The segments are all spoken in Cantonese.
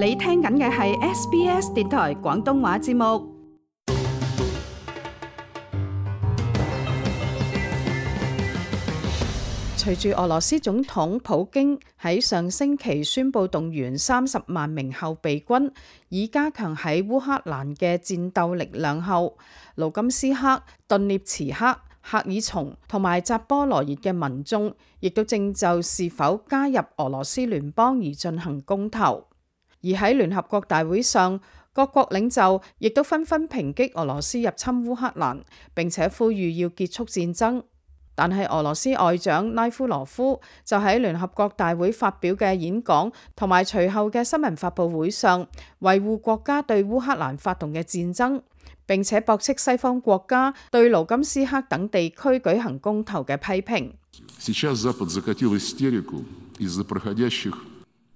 你聽緊嘅係 SBS 電台廣東話節目。隨住俄羅斯總統普京喺上星期宣布動員三十萬名後備軍，以加強喺烏克蘭嘅戰鬥力量後，盧甘斯克、頓涅茨克、赫爾松同埋扎波羅熱嘅民眾亦都正就是否加入俄羅斯聯邦而進行公投。而喺聯合國大會上，各國領袖亦都紛紛抨擊俄羅斯入侵烏克蘭，並且呼籲要結束戰爭。但係俄羅斯外長拉夫羅夫就喺聯合國大會發表嘅演講同埋隨後嘅新聞發布會上，維護國家對烏克蘭發動嘅戰爭，並且駁斥西方國家對盧甘斯克等地區舉行公投嘅批評。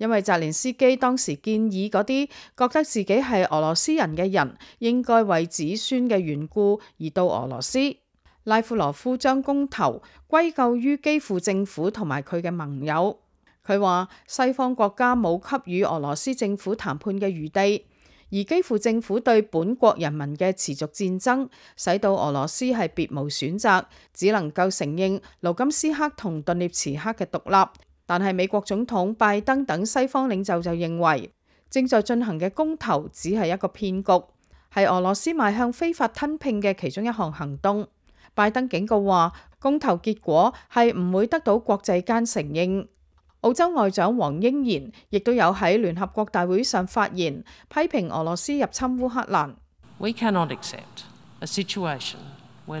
因為澤連斯基當時建議嗰啲覺得自己係俄羅斯人嘅人，應該為子孫嘅緣故而到俄羅斯。拉夫羅夫將公投歸咎於基輔政府同埋佢嘅盟友，佢話西方國家冇給予俄羅斯政府談判嘅餘地，而基輔政府對本國人民嘅持續戰爭，使到俄羅斯係別無選擇，只能夠承認盧甘斯克同頓涅茨克嘅獨立。但係美國總統拜登等西方領袖就認為，正在進行嘅公投只係一個騙局，係俄羅斯邁向非法吞併嘅其中一項行動。拜登警告話，公投結果係唔會得到國際間承認。澳洲外長黃英賢亦都有喺聯合國大會上發言，批評俄羅斯入侵烏克蘭。We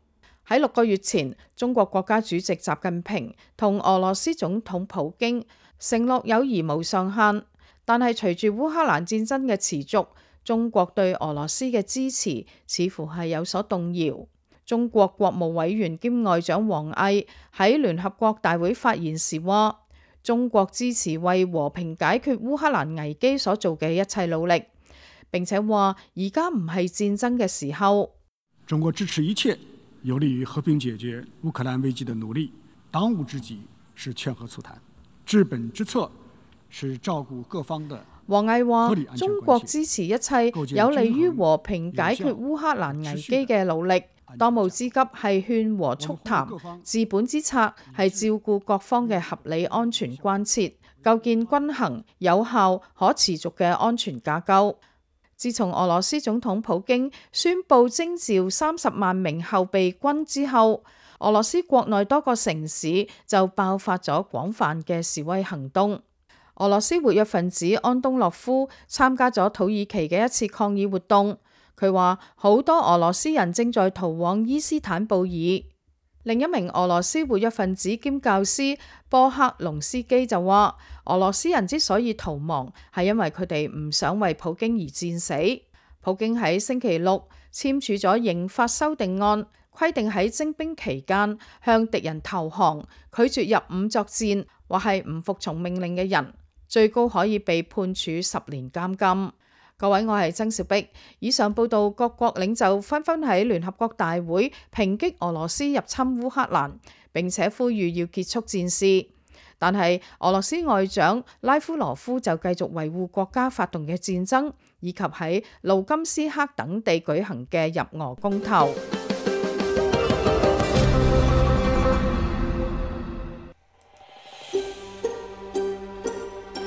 喺六個月前，中國國家主席習近平同俄羅斯總統普京承諾友誼無上限，但係隨住烏克蘭戰爭嘅持續，中國對俄羅斯嘅支持似乎係有所動搖。中國國務委員兼外長王毅喺聯合國大會發言時話：中國支持為和平解決烏克蘭危機所做嘅一切努力，並且話而家唔係戰爭嘅時候。中國支持一切。有利於和平解決烏克蘭危機的努力，當務之急是勸和促談，治本之策是照顧各方的。王毅話：中國支持一切有利於和平解決烏克蘭危機嘅努力，當務之急係勸和促談，治本之策係照顧各方嘅合理安全關切，構建均衡、有效、可持續嘅安全架構。自從俄羅斯總統普京宣佈徵召三十萬名後備軍之後，俄羅斯國內多個城市就爆發咗廣泛嘅示威行動。俄羅斯活躍分子安東諾夫參加咗土耳其嘅一次抗議活動，佢話好多俄羅斯人正在逃往伊斯坦布爾。另一名俄羅斯活躍分子兼教師波克隆斯基就話，俄羅斯人之所以逃亡，係因為佢哋唔想為普京而戰死。普京喺星期六簽署咗刑法修訂案，規定喺徵兵期間向敵人投降、拒絕入伍作戰，或係唔服從命令嘅人，最高可以被判處十年監禁。各位，我係曾兆碧。以上報道，各國領袖紛紛喺聯合國大會抨擊俄羅斯入侵烏克蘭，並且呼籲要結束戰事。但係俄羅斯外長拉夫羅夫就繼續維護國家發動嘅戰爭，以及喺盧甘斯克等地舉行嘅入俄公投。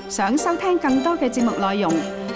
想收聽更多嘅節目內容，